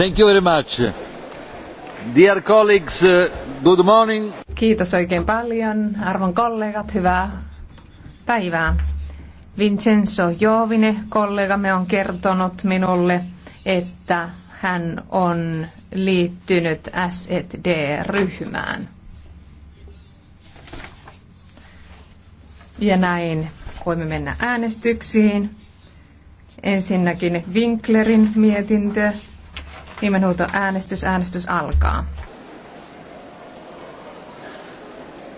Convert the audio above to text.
Uh, Kiitos oikein paljon, arvon kollegat, hyvää päivää. Vincenzo Jovine, kollegamme, on kertonut minulle, että hän on liittynyt SED-ryhmään. Ja näin voimme mennä äänestyksiin. Ensinnäkin Winklerin mietintö Nimenhuuto äänestys. Äänestys alkaa.